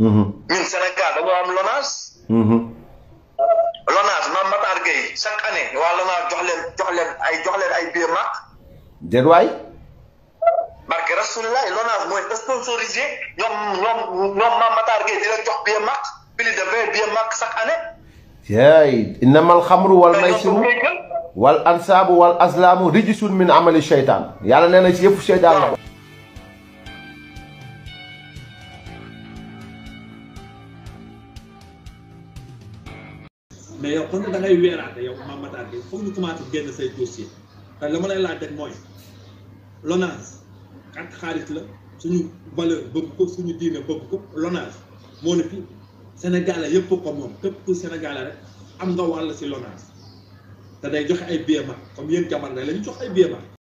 ñun Sénégal dañoo am LONAS. LONAS maam Matar Gueye chaque année waa LONAS jox leen jox leen ay jox leen ay biir màq. déet waay. barke rasulilah LONAS mooy sponsorisé ñoom ñoom ñoom maam Matar Gueye di leen jox biir màq plus de vingt biir màq chaque année. yaay innamal xamru wal maysiru wal ansaabu wal azlaamu rijsun min amali shaytaan yàlla nee na ci yëpp shaytaan la. mais yow xam nga da ngay weeraate yow Mame Matar bi foog ñu commencé génn say dossier te la ma lay laaj rek mooy LONASE ak xaalis la suñu valeur bëgg ko suñu diine bëgg ko LONASE moo ne fi yëpp ko moom képp ku Sénégalais rek am nga wàll si LONASE te day joxe ay BMA comme yéen jamono lañu jox ay BMA.